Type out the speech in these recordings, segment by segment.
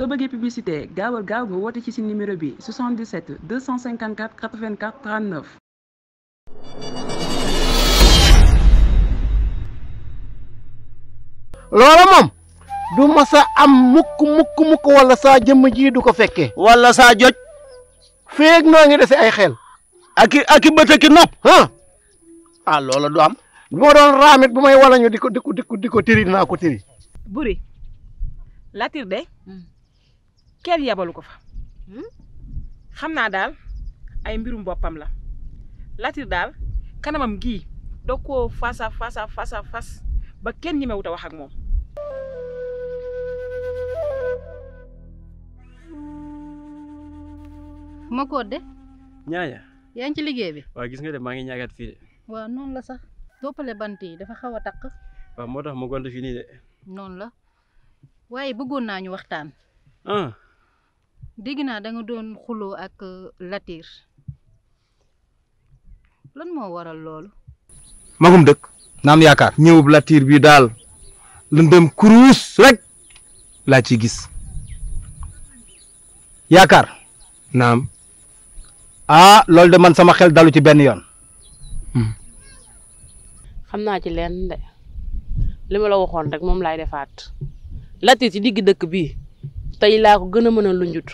soo bëggee publicité gaawal gaaw nga woote ci si numéro bi 77 254 84 39. loola moom du ma sa am mukk mukk mukk wala saa jëmm ji du ko fekkee. wala saa joj. feeg noo ngi dese ay xel. ak ak i bët ak ah loola du am. bu doon raamit bu may walañu di ko di ko di ko tëri ko tëri. buri latir de. Hmm. kenn yabalu ko fa hmm? xam naa daal ay mbirum boppam la Latir daal kanamam gii doo ko face à face à face ba kenn ñemewut a wax ak moom ma ko de ñaaya yaa ngi ci liggéey bi waaw gis nga de maa ngi ñaagaat fii de waaw noonu la sax toppale bant yi dafa xaw a taq waaw moo tax ma gont fii nii de noonu la waaye bëggoon naañu waxtaan ah. dégg naa da nga doon xuloo ak euh, latir lan moo waral loolu magum dëkk naam yaakaar ñëwub latir bi daal dem kurus, rek laa ci gis yaakaar naam ah loolu de man sama xel dalu ci benn yoon hmm. xam naa ci leen de li ma la waxoon rek moom laay defaat latiir ci digg dëkk bii tey laa ko gën a mën a lunjut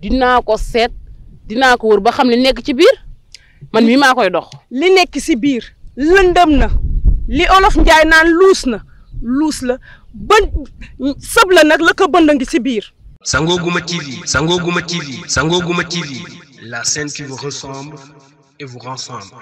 dinaa ko seet dinaa ko wër ba xam li nekk ci biir man mii maa koy dox. li nekk si biir lëndëm na li olof njaay naan luus na luus la ba sëb la nag la ko bënd ngi si biir. Sango Gouma TV Sango Gouma TV Sango Gouma TV la scène qui vous ressemble et vous rassemble.